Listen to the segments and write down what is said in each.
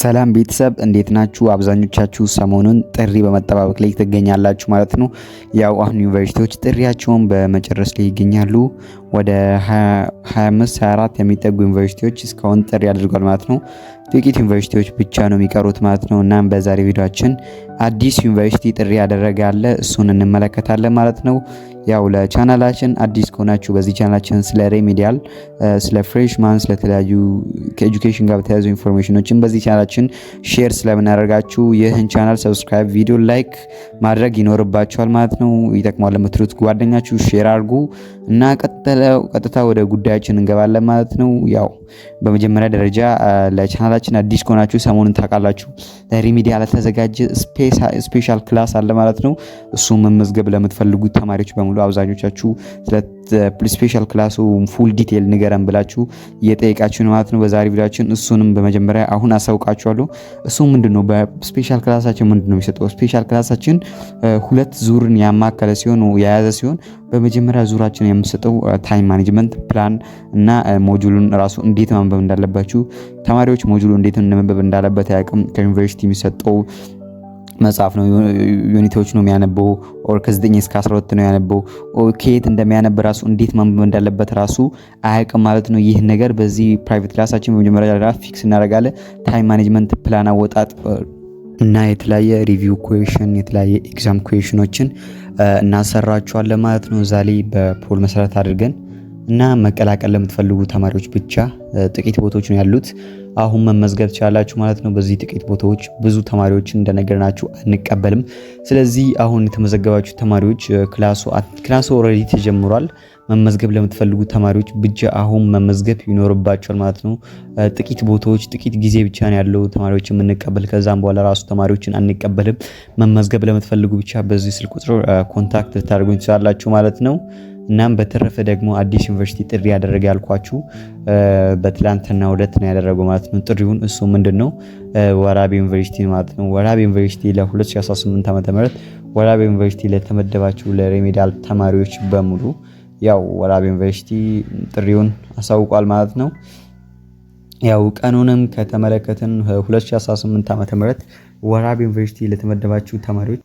ሰላም ቤተሰብ እንዴት ናችሁ? አብዛኞቻችሁ ሰሞኑን ጥሪ በመጠባበቅ ላይ ትገኛላችሁ ማለት ነው። ያው አሁን ዩኒቨርሲቲዎች ጥሪያቸውን በመጨረስ ላይ ይገኛሉ። ወደ 25 24 የሚጠጉ ዩኒቨርሲቲዎች እስካሁን ጥሪ አድርጓል ማለት ነው። ጥቂት ዩኒቨርሲቲዎች ብቻ ነው የሚቀሩት ማለት ነው። እናም በዛሬ ቪዲዮችን አዲስ ዩኒቨርሲቲ ጥሪ ያደረገ አለ እሱን እንመለከታለን ማለት ነው። ያው ለቻናላችን አዲስ ከሆናችሁ በዚህ ቻናላችን ስለ ሬሜዲያል፣ ስለ ፍሬሽማን፣ ስለተለያዩ ከኤጁኬሽን ጋር በተያያዙ ኢንፎርሜሽኖችን በዚህ ቻናላችን ሼር ስለምናደርጋችሁ ይህን ቻናል ሰብስክራይብ፣ ቪዲዮ ላይክ ማድረግ ይኖርባችኋል ማለት ነው። ይጠቅማል ለምትሉት ጓደኛችሁ ሼር አድርጉ እና ቀጥለ ቀጥታ ወደ ጉዳያችን እንገባለን ማለት ነው። ያው በመጀመሪያ ደረጃ ለቻናላችን አዲስ ከሆናችሁ ሰሞኑን ታውቃላችሁ ለሪሚዲያ ለተዘጋጀ ስፔሻል ክላስ አለ ማለት ነው። እሱ መመዝገብ ለምትፈልጉ ተማሪዎች በሙሉ አብዛኞቻችሁ ስለ ስፔሻል ክላሱ ፉል ዲቴል ንገረን ብላችሁ እየጠየቃችሁን ማለት ነው። በዛሬ ቪዲዮችን እሱንም በመጀመሪያ አሁን አሳውቃችኋለሁ። እሱ ምንድን ነው? በስፔሻል ክላሳችን ምንድን ነው የሚሰጠው? ስፔሻል ክላሳችን ሁለት ዙርን ያማከለ ሲሆን የያዘ ሲሆን በመጀመሪያ ዙራችን የምሰጠው ታይም ማኔጅመንት ፕላን እና ሞጁሉን ራሱ እንዴት ማንበብ እንዳለባችሁ ተማሪዎች ሞጁሉ እንዴት እንደመንበብ እንዳለበት አያውቅም። ከዩኒቨርሲቲ የሚሰጠው መጽሐፍ ነው። ዩኒቶች ነው የሚያነበው ኦር ከዘጠኝ እስከ አስራ ሁለት ነው ያነበው። ከየት እንደሚያነብ ራሱ እንዴት ማንበብ እንዳለበት ራሱ አያውቅም ማለት ነው። ይህ ነገር በዚህ ፕራይቬት ክላሳችን በመጀመሪያ ፊክስ እናደርጋለን። ታይም ማኔጅመንት ፕላን አወጣጥ እና የተለያየ ሪቪው ኩዌሽን የተለያየ ኤግዛም ኩዌሽኖችን እናሰራችኋለን ማለት ነው። እዛ ላይ በፖል መሰረት አድርገን እና መቀላቀል ለምትፈልጉ ተማሪዎች ብቻ ጥቂት ቦታዎች ነው ያሉት። አሁን መመዝገብ ትችላላችሁ ማለት ነው። በዚህ ጥቂት ቦታዎች ብዙ ተማሪዎችን እንደነገርናችሁ አንቀበልም። ስለዚህ አሁን የተመዘገባችሁ ተማሪዎች ክላሱ ኦልሬዲ ተጀምሯል። መመዝገብ ለምትፈልጉ ተማሪዎች ብቻ አሁን መመዝገብ ይኖርባቸዋል ማለት ነው። ጥቂት ቦታዎች ጥቂት ጊዜ ብቻ ነው ያለው ተማሪዎች የምንቀበል። ከዛም በኋላ ራሱ ተማሪዎችን አንቀበልም። መመዝገብ ለምትፈልጉ ብቻ በዚህ ስልክ ቁጥር ኮንታክት ልታደርጉኝ ትችላላችሁ ማለት ነው። እናም በተረፈ ደግሞ አዲስ ዩኒቨርሲቲ ጥሪ ያደረገ ያልኳችሁ በትላንትና ሁለት ነው ያደረገው ማለት ነው። ጥሪውን እሱ ምንድን ነው ወራቤ ዩኒቨርሲቲ ማለት ነው። ወራቤ ዩኒቨርሲቲ ለ2018 ዓ ም ወራቤ ዩኒቨርሲቲ ለተመደባችሁ ለሬሜዳል ተማሪዎች በሙሉ ያው ወራቤ ዩኒቨርሲቲ ጥሪውን አሳውቋል ማለት ነው። ያው ቀኑንም ከተመለከትን 2018 ዓ ም ወራቤ ዩኒቨርሲቲ ለተመደባችሁ ተማሪዎች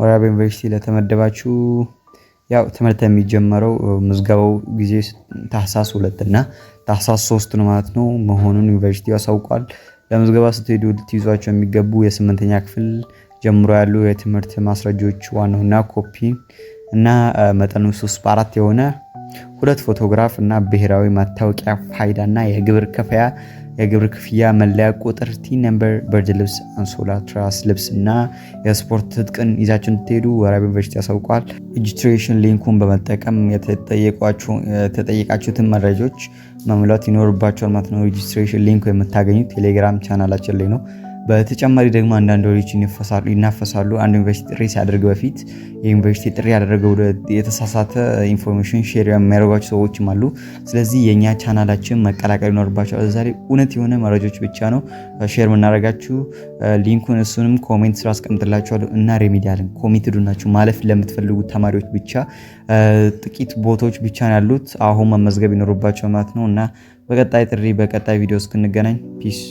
ወራቤ ዩኒቨርሲቲ ለተመደባችሁ ያው ትምህርት የሚጀመረው ምዝገባው ጊዜ ታህሳስ ሁለት እና ታህሳስ ሶስት ነው ማለት ነው መሆኑን ዩኒቨርሲቲ አሳውቋል። ለምዝገባ ስትሄዱ ልትይዟቸው የሚገቡ የስምንተኛ ክፍል ጀምሮ ያሉ የትምህርት ማስረጃዎች ዋናውና ኮፒ እና መጠኑ ሶስት በአራት የሆነ ሁለት ፎቶግራፍ እና ብሔራዊ ማታወቂያ ፋይዳ እና የግብር ክፍያ የግብር ክፍያ መለያ ቁጥር ቲ ነምበር፣ ብርድ ልብስ፣ አንሶላ፣ ትራስ ልብስ እና የስፖርት ትጥቅን ይዛችሁ እንድትሄዱ ወራቤ ዩኒቨርሲቲ ያሳውቋል። ሬጅስትሬሽን ሊንኩን በመጠቀም የተጠየቃችሁትን መረጃዎች መሙላት ይኖርባችኋል ማለት ነው። ሬጅስትሬሽን ሊንኩ የምታገኙት ቴሌግራም ቻናላችን ላይ ነው። በተጨማሪ ደግሞ አንዳንድ ወሬዎች ይናፈሳሉ። አንድ ዩኒቨርሲቲ ጥሪ ሲያደርግ በፊት የዩኒቨርሲቲ ጥሪ ያደረገው የተሳሳተ ኢንፎርሜሽን ሼር የሚያደርጓቸው ሰዎችም አሉ። ስለዚህ የእኛ ቻናላችን መቀላቀል ይኖርባቸዋል። ዛሬ እውነት የሆነ መረጃዎች ብቻ ነው ሼር የምናደርጋችሁ። ሊንኩን እሱንም ኮሜንት ስራ አስቀምጥላችኋለሁ እና ሬሚዲያልን ኮሚትዱ ናችሁ ማለፍ ለምትፈልጉ ተማሪዎች ብቻ ጥቂት ቦታዎች ብቻ ነው ያሉት። አሁን መመዝገብ ይኖርባቸው ማለት ነው እና በቀጣይ ጥሪ በቀጣይ ቪዲዮ እስክንገናኝ ፒስ